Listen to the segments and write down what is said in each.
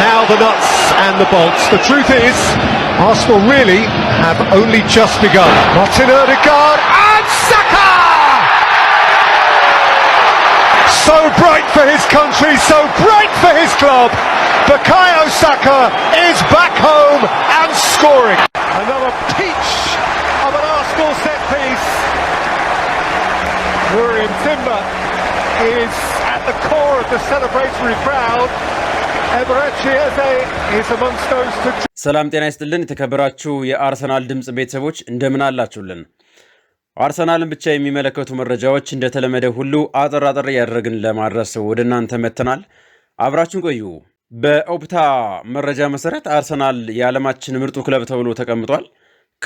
Now the nuts and the bolts. The truth is, Arsenal really have only just begun. Martin Odegaard and Saka! So bright for his country, so bright for his club. Bukayo Saka is back home and scoring. Another peach of an Arsenal set piece. William Timber is at the core of the celebratory crowd. ሰላም ጤና ይስጥልን። የተከበራችሁ የአርሰናል ድምፅ ቤተሰቦች እንደምን አላችሁልን? አርሰናልን ብቻ የሚመለከቱ መረጃዎች እንደተለመደ ሁሉ አጠር አጠር እያደረግን ለማድረስ ወደ እናንተ መጥተናል። አብራችሁን ቆዩ። በኦፕታ መረጃ መሰረት አርሰናል የዓለማችን ምርጡ ክለብ ተብሎ ተቀምጧል።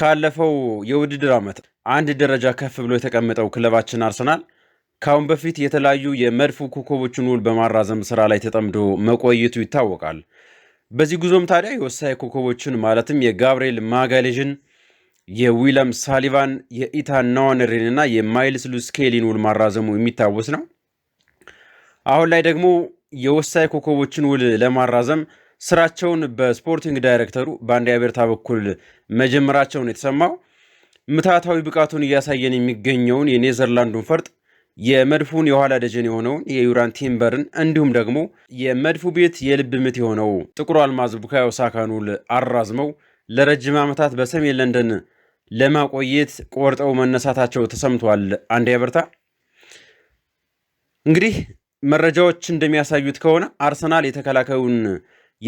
ካለፈው የውድድር ዓመት አንድ ደረጃ ከፍ ብሎ የተቀመጠው ክለባችን አርሰናል ከአሁን በፊት የተለያዩ የመድፉ ኮከቦችን ውል በማራዘም ስራ ላይ ተጠምዶ መቆየቱ ይታወቃል። በዚህ ጉዞም ታዲያ የወሳኝ ኮከቦችን ማለትም የጋብርኤል ማጋሌዥን፣ የዊለም ሳሊቫን፣ የኢታን ነዋነሪን እና የማይልስ ሉስኬሊን ውል ማራዘሙ የሚታወስ ነው። አሁን ላይ ደግሞ የወሳኝ ኮከቦችን ውል ለማራዘም ስራቸውን በስፖርቲንግ ዳይሬክተሩ በአንድያ በርታ በኩል መጀመራቸውን የተሰማው ምታታዊ ብቃቱን እያሳየን የሚገኘውን የኔዘርላንዱን ፈርጥ የመድፉን የኋላ ደጀን የሆነውን የዩራን ቲምበርን እንዲሁም ደግሞ የመድፉ ቤት የልብ ምት የሆነው ጥቁር አልማዝ ቡካዮ ሳካኑን አራዝመው ለረጅም ዓመታት በሰሜን ለንደን ለማቆየት ቆርጠው መነሳታቸው ተሰምቷል። አንድ ያበርታ። እንግዲህ መረጃዎች እንደሚያሳዩት ከሆነ አርሰናል የተከላካዩን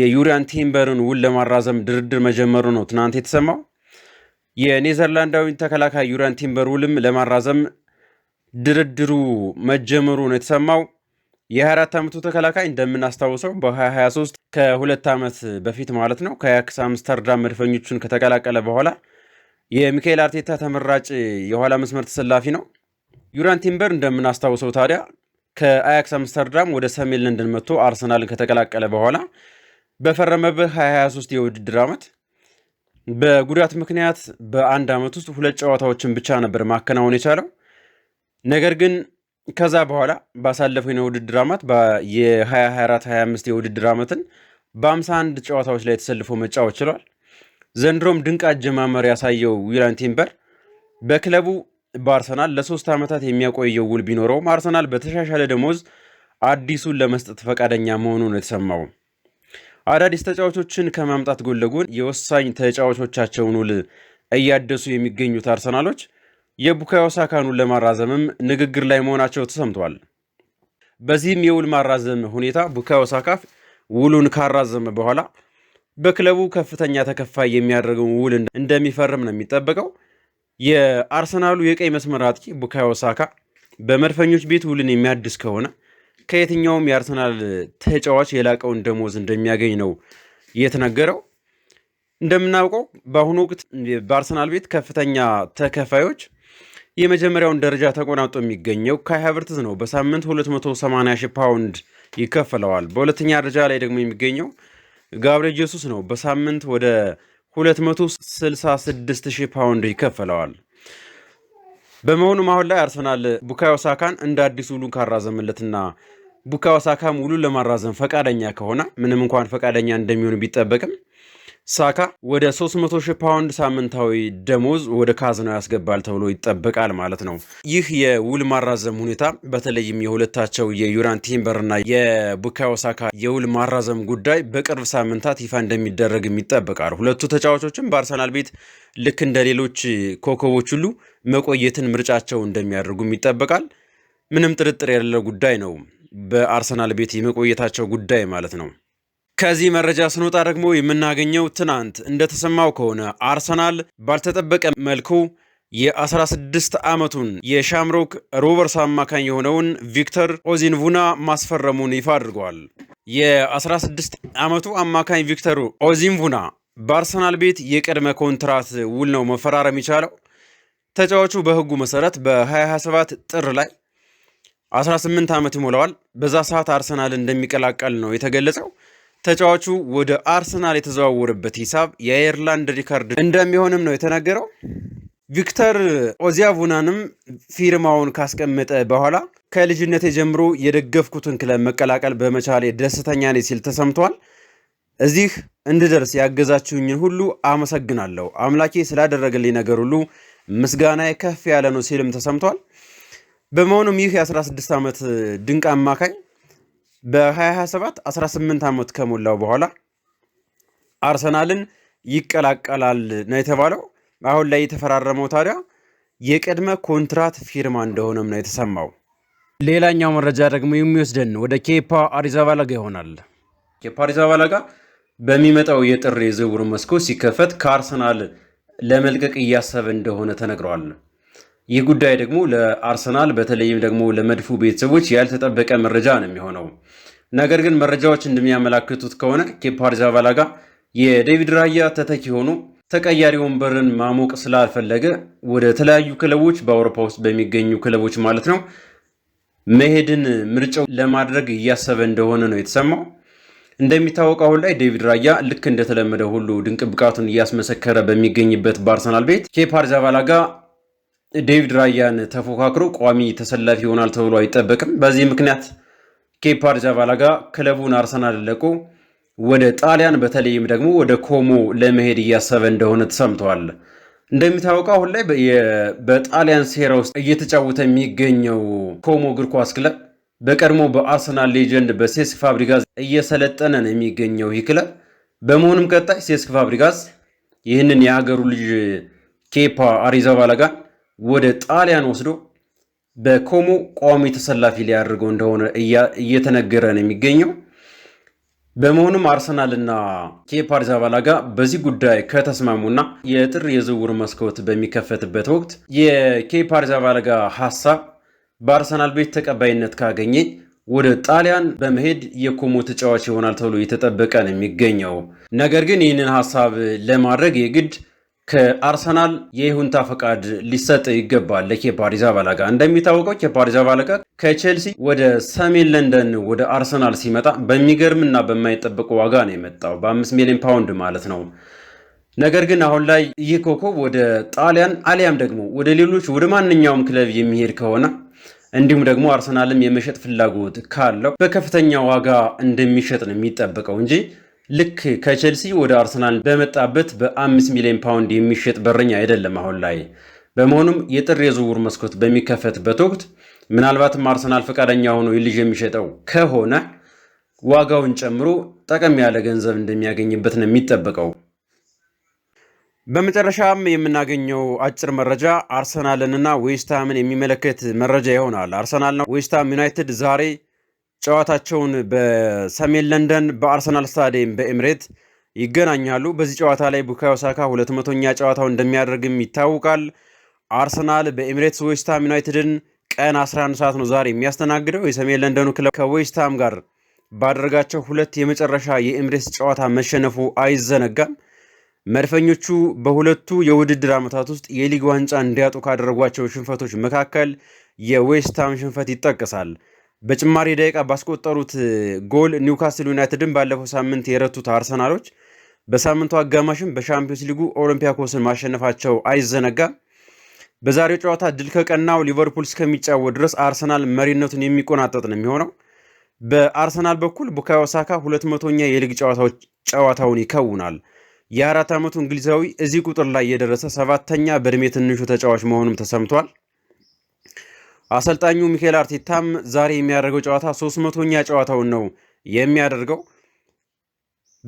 የዩሪያን ቲምበርን ውል ለማራዘም ድርድር መጀመሩ ነው ትናንት የተሰማው። የኔዘርላንዳዊን ተከላካይ ዩሪያን ቲምበር ውልም ለማራዘም ድርድሩ መጀመሩ ነው የተሰማው። የ24 ዓመቱ ተከላካይ እንደምናስታውሰው በ2023 ከሁለት ዓመት በፊት ማለት ነው ከአያክስ አምስተርዳም መድፈኞቹን ከተቀላቀለ በኋላ የሚካኤል አርቴታ ተመራጭ የኋላ መስመር ተሰላፊ ነው። ዩራን ቲምበር እንደምናስታውሰው ታዲያ ከአያክስ አምስተርዳም ወደ ሰሜን ለንደን መጥቶ አርሰናልን ከተቀላቀለ በኋላ በፈረመበት 2023 የውድድር ዓመት በጉዳት ምክንያት በአንድ ዓመት ውስጥ ሁለት ጨዋታዎችን ብቻ ነበር ማከናወን የቻለው። ነገር ግን ከዛ በኋላ ባሳለፈው የውድድር ዓመት የ2024/25 የውድድር ዓመትን በ51 ጨዋታዎች ላይ ተሰልፎ መጫወት ችሏል። ዘንድሮም ድንቅ አጀማመር ያሳየው ዊላን ቲምበር በክለቡ በአርሰናል ለሶስት ዓመታት የሚያቆየው ውል ቢኖረውም አርሰናል በተሻሻለ ደሞዝ አዲሱን ለመስጠት ፈቃደኛ መሆኑ ነው የተሰማው። አዳዲስ ተጫዋቾችን ከማምጣት ጎን ለጎን የወሳኝ ተጫዋቾቻቸውን ውል እያደሱ የሚገኙት አርሰናሎች የቡካዮ ሳካኑን ለማራዘምም ንግግር ላይ መሆናቸው ተሰምቷል። በዚህም የውል ማራዘም ሁኔታ ቡካዮ ሳካ ውሉን ካራዘመ በኋላ በክለቡ ከፍተኛ ተከፋይ የሚያደርገውን ውል እንደሚፈርም ነው የሚጠበቀው። የአርሰናሉ የቀይ መስመር አጥቂ ቡካዮ ሳካ በመድፈኞች ቤት ውልን የሚያድስ ከሆነ ከየትኛውም የአርሰናል ተጫዋች የላቀውን ደሞዝ እንደሚያገኝ ነው የተነገረው። እንደምናውቀው በአሁኑ ወቅት በአርሰናል ቤት ከፍተኛ ተከፋዮች የመጀመሪያውን ደረጃ ተቆናጦ የሚገኘው ካይ ነው። በሳምንት 280 ሺህ ፓውንድ ይከፈለዋል። በሁለተኛ ደረጃ ላይ ደግሞ የሚገኘው ጋብርኤል ጀሱስ ነው። በሳምንት ወደ 266 ሺህ ፓውንድ ይከፈለዋል። በመሆኑም አሁን ላይ አርሰናል ቡካዮ ሳካን እንደ አዲስ ውሉን ካራዘምለትና ቡካዮ ሳካም ውሉን ለማራዘም ፈቃደኛ ከሆነ ምንም እንኳን ፈቃደኛ እንደሚሆን ቢጠበቅም ሳካ ወደ 300 ሺህ ፓውንድ ሳምንታዊ ደሞዝ ወደ ካዝናው ያስገባል ተብሎ ይጠበቃል ማለት ነው። ይህ የውል ማራዘም ሁኔታ በተለይም የሁለታቸው የዩራን ቲምበርና የቡካዮ ሳካ የውል ማራዘም ጉዳይ በቅርብ ሳምንታት ይፋ እንደሚደረግም ይጠበቃል። ሁለቱ ተጫዋቾችም በአርሰናል ቤት ልክ እንደ ሌሎች ኮከቦች ሁሉ መቆየትን ምርጫቸው እንደሚያደርጉም ይጠበቃል። ምንም ጥርጥር ያለ ጉዳይ ነው፣ በአርሰናል ቤት የመቆየታቸው ጉዳይ ማለት ነው። ከዚህ መረጃ ስንወጣ ደግሞ የምናገኘው ትናንት እንደተሰማው ከሆነ አርሰናል ባልተጠበቀ መልኩ የ16 ዓመቱን የሻምሮክ ሮቨርስ አማካኝ የሆነውን ቪክተር ኦዚንቡና ማስፈረሙን ይፋ አድርጓል። የ16 ዓመቱ አማካኝ ቪክተር ኦዚንቡና በአርሰናል ቤት የቅድመ ኮንትራት ውል ነው መፈራረም የቻለው። ተጫዋቹ በሕጉ መሰረት በ2027 ጥር ላይ 18 ዓመት ይሞላዋል። በዛ ሰዓት አርሰናል እንደሚቀላቀል ነው የተገለጸው። ተጫዋቹ ወደ አርሰናል የተዘዋወረበት ሂሳብ የአየርላንድ ሪካርድ እንደሚሆንም ነው የተነገረው ቪክተር ኦዚያቡናንም ፊርማውን ካስቀመጠ በኋላ ከልጅነቴ ጀምሮ የደገፍኩትን ክለብ መቀላቀል በመቻሌ ደስተኛ ነኝ ሲል ተሰምቷል። እዚህ እንድደርስ ያገዛችሁኝን ሁሉ አመሰግናለሁ። አምላኬ ስላደረገልኝ ነገር ሁሉ ምስጋና ከፍ ያለ ነው ሲልም ተሰምቷል። በመሆኑም ይህ የ16 ዓመት ድንቅ አማካኝ በ2027 18 ዓመት ከሞላው በኋላ አርሰናልን ይቀላቀላል ነው የተባለው። አሁን ላይ የተፈራረመው ታዲያ የቅድመ ኮንትራት ፊርማ እንደሆነም ነው የተሰማው። ሌላኛው መረጃ ደግሞ የሚወስደን ወደ ኬፓ አሪዛባላጋ ይሆናል። ኬፓ አሪዛባላጋ በሚመጣው የጥር የዝውውር መስኮት ሲከፈት ከአርሰናል ለመልቀቅ እያሰበ እንደሆነ ተነግሯል። ይህ ጉዳይ ደግሞ ለአርሰናል በተለይም ደግሞ ለመድፉ ቤተሰቦች ያልተጠበቀ መረጃ ነው የሚሆነው። ነገር ግን መረጃዎች እንደሚያመላክቱት ከሆነ ኬፓ አሪዛባላጋ የዴቪድ ራያ ተተኪ ሆኖ ተቀያሪ ወንበርን ማሞቅ ስላልፈለገ ወደ ተለያዩ ክለቦች በአውሮፓ ውስጥ በሚገኙ ክለቦች ማለት ነው መሄድን ምርጫው ለማድረግ እያሰበ እንደሆነ ነው የተሰማው። እንደሚታወቀው አሁን ላይ ዴቪድ ራያ ልክ እንደተለመደ ሁሉ ድንቅ ብቃቱን እያስመሰከረ በሚገኝበት በአርሰናል ቤት ኬፓ አሪዛባላጋ ዴቪድ ራያን ተፎካክሮ ቋሚ ተሰላፊ ይሆናል ተብሎ አይጠበቅም። በዚህ ምክንያት ኬፓ አሪዛባላጋ ክለቡን አርሰናል ለቆ ወደ ጣሊያን በተለይም ደግሞ ወደ ኮሞ ለመሄድ እያሰበ እንደሆነ ተሰምተዋል። እንደሚታወቀው አሁን ላይ በጣሊያን ሴራ ውስጥ እየተጫወተ የሚገኘው ኮሞ እግር ኳስ ክለብ በቀድሞ በአርሰናል ሌጀንድ በሴስክ ፋብሪጋዝ እየሰለጠነ ነው የሚገኘው ይህ ክለብ። በመሆኑም ቀጣይ ሴስክ ፋብሪጋዝ ይህንን የአገሩ ልጅ ኬፓ አሪዛባላጋን ወደ ጣሊያን ወስዶ በኮሞ ቋሚ ተሰላፊ ሊያደርገው እንደሆነ እየተነገረ ነው የሚገኘው። በመሆኑም አርሰናልና ከፓሪስ አባላ በዚህ ጉዳይ ከተስማሙና የጥር የዝውውር መስኮት በሚከፈትበት ወቅት የኬፓሪስ አባላ ሀሳብ በአርሰናል ቤት ተቀባይነት ካገኘ ወደ ጣሊያን በመሄድ የኮሞ ተጫዋች ይሆናል ተብሎ እየተጠበቀ ነው የሚገኘው። ነገር ግን ይህንን ሀሳብ ለማድረግ የግድ ከአርሰናል የይሁንታ ፈቃድ ሊሰጥ ይገባል ለኬፓሪዛ ባላጋ። እንደሚታወቀው ኬፓሪዛ ባላጋ ከቼልሲ ወደ ሰሜን ለንደን ወደ አርሰናል ሲመጣ በሚገርምና በማይጠበቅ ዋጋ ነው የመጣው፣ በአምስት ሚሊዮን ፓውንድ ማለት ነው። ነገር ግን አሁን ላይ ይህ ኮከብ ወደ ጣሊያን አሊያም ደግሞ ወደ ሌሎች ወደ ማንኛውም ክለብ የሚሄድ ከሆነ እንዲሁም ደግሞ አርሰናልም የመሸጥ ፍላጎት ካለው በከፍተኛ ዋጋ እንደሚሸጥ ነው የሚጠበቀው እንጂ ልክ ከቼልሲ ወደ አርሰናል በመጣበት በ5 ሚሊዮን ፓውንድ የሚሸጥ በረኛ አይደለም አሁን ላይ። በመሆኑም የጥር የዝውውር መስኮት በሚከፈትበት ወቅት ምናልባትም አርሰናል ፈቃደኛ ሆኖ ልጅ የሚሸጠው ከሆነ ዋጋውን ጨምሮ ጠቀም ያለ ገንዘብ እንደሚያገኝበት ነው የሚጠበቀው። በመጨረሻም የምናገኘው አጭር መረጃ አርሰናልንና ዌስትሃምን የሚመለከት መረጃ ይሆናል። አርሰናልና ዌስትሃም ዩናይትድ ዛሬ ጨዋታቸውን በሰሜን ለንደን በአርሰናል ስታዲየም በኤምሬት ይገናኛሉ። በዚህ ጨዋታ ላይ ቡካዮ ሳካ ሁለት መቶኛ ጨዋታው እንደሚያደርግም ይታወቃል። አርሰናል በኤምሬትስ ዌስትሃም ዩናይትድን ቀን 11 ሰዓት ነው ዛሬ የሚያስተናግደው። የሰሜን ለንደኑ ክለብ ከዌስትሃም ጋር ባደረጋቸው ሁለት የመጨረሻ የኤምሬትስ ጨዋታ መሸነፉ አይዘነጋም። መድፈኞቹ በሁለቱ የውድድር ዓመታት ውስጥ የሊግ ዋንጫ እንዲያጡ ካደረጓቸው ሽንፈቶች መካከል የዌስትሃም ሽንፈት ይጠቀሳል። በጭማሪ ደቂቃ ባስቆጠሩት ጎል ኒውካስል ዩናይትድን ባለፈው ሳምንት የረቱት አርሰናሎች በሳምንቱ አጋማሽም በሻምፒዮንስ ሊጉ ኦሎምፒያኮስን ማሸነፋቸው አይዘነጋም። በዛሬው ጨዋታ ድል ከቀናው ሊቨርፑል እስከሚጫወት ድረስ አርሰናል መሪነቱን የሚቆናጠጥ ነው የሚሆነው። በአርሰናል በኩል ቡካዮ ሳካ ሁለት መቶኛ የሊግ ጨዋታውን ይከውናል። የአራት ዓመቱ እንግሊዛዊ እዚህ ቁጥር ላይ የደረሰ ሰባተኛ በእድሜ ትንሹ ተጫዋች መሆኑም ተሰምቷል። አሰልጣኙ ሚካኤል አርቴታም ዛሬ የሚያደርገው ጨዋታ 300ኛ ጨዋታውን ነው የሚያደርገው።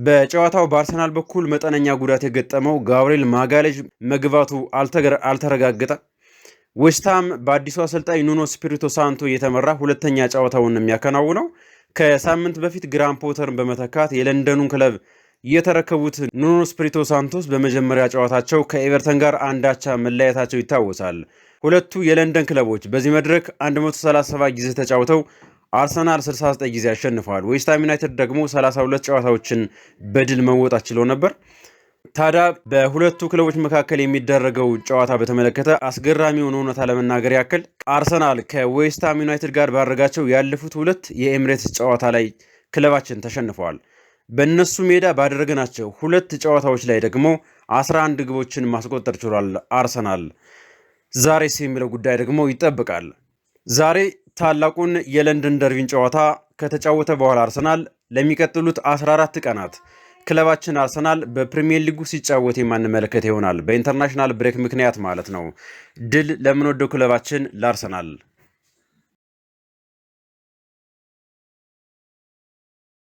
በጨዋታው በአርሰናል በኩል መጠነኛ ጉዳት የገጠመው ጋብርኤል ማጋሌጅ መግባቱ አልተረጋገጠም። ዌስትሃም በአዲሱ አሰልጣኝ ኑኖ ስፒሪቶ ሳንቶ እየተመራ ሁለተኛ ጨዋታውን የሚያከናውነው ከሳምንት በፊት ግራን ፖተርን በመተካት የለንደኑን ክለብ የተረከቡት ኑኖ ስፒሪቶ ሳንቶስ በመጀመሪያ ጨዋታቸው ከኤቨርተን ጋር አንዳቻ መለያየታቸው ይታወሳል። ሁለቱ የለንደን ክለቦች በዚህ መድረክ 137 ጊዜ ተጫውተው አርሰናል 69 ጊዜ አሸንፈዋል። ዌስትሃም ዩናይትድ ደግሞ 32 ጨዋታዎችን በድል መወጣት ችለው ነበር። ታዲያ በሁለቱ ክለቦች መካከል የሚደረገው ጨዋታ በተመለከተ አስገራሚ የሆነ እውነታ ለመናገር ያክል አርሰናል ከዌስትሃም ዩናይትድ ጋር ባደረጋቸው ያለፉት ሁለት የኤምሬትስ ጨዋታ ላይ ክለባችን ተሸንፈዋል። በእነሱ ሜዳ ባደረግናቸው ሁለት ጨዋታዎች ላይ ደግሞ 11 ግቦችን ማስቆጠር ችሏል አርሰናል። ዛሬስ የሚለው ጉዳይ ደግሞ ይጠብቃል። ዛሬ ታላቁን የለንደን ደርቢን ጨዋታ ከተጫወተ በኋላ አርሰናል ለሚቀጥሉት 14 ቀናት ክለባችን አርሰናል በፕሪሚየር ሊጉ ሲጫወት የማንመለከት ይሆናል። በኢንተርናሽናል ብሬክ ምክንያት ማለት ነው። ድል ለምንወደው ክለባችን ለአርሰናል።